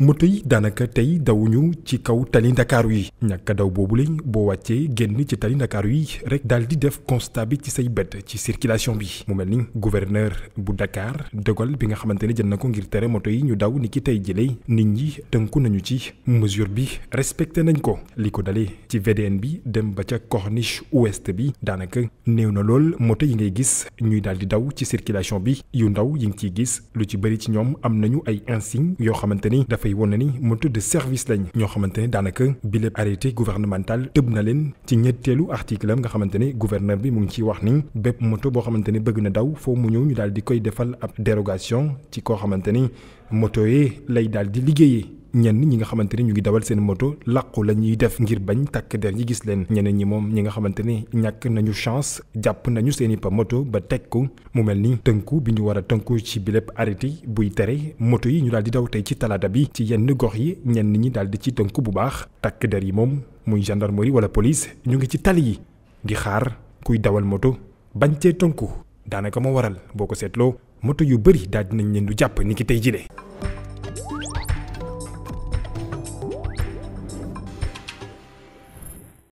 moto yi daanaka tey dawuñu ci kaw tali ndakaaru yi ñàkk daw boobu lañ boo wàccee génn ci tali ndakaaru yi rek daal di def constat bi ci say bët ci circulation bi mu mel ni gouverneur bu Dakar dogal bi nga xamante ne jël na ko ngir tere moto yi ñu daw ni ki tey jëlee nit ñi tënku nañu ci mesure bi respecté nañ ko li ko dale ci VDN bi dem ba ca corniche ouest bi daanaka néew na lool moto yi ngay gis ñuy daal di daw ci circulation bi yu ndaw yi ngi ciy gis lu ci bëri ci ñoom am nañu ay insigne yoo xamante dafay na ni motu de service lañ ñoo xamante ne daanaka bile arrêté gouvernemental tëb na leen ci ñetteelu article am nga xamante ne gouverneur bi mu ngi ciy wax ni bépp moto boo xamante ne bëgg na daw foo mu ñëw ñu daal di koy defal ab dérogation ci koo xamante ni moto yi lay daal di liggéeyee. ñenn ñi nga xamante ni ñu ngi dawal seen moto làqu la ñuy def ngir bañ takk der yi gis leen ñeneen ñi moom ñi nga xamante ni ñàkk nañu chance jàpp nañu seen i pa moto ba teg ko mu mel ni tënku bi ñu war a tënku ci bilépp arrêté buy tere moto yi ñu daal di daw tey ci talaata bi ci yenn gox yi ñenn ñi daal di ci tënku bu baax takk der yi moom muy gendarmerie wala polise ñu ngi ci tali yi di xaar kuy dawal moto bañ cee tënku daanaka moo waral boo ko seetloo moto yu bëri daal dinañ leen du jàpp ni tey jile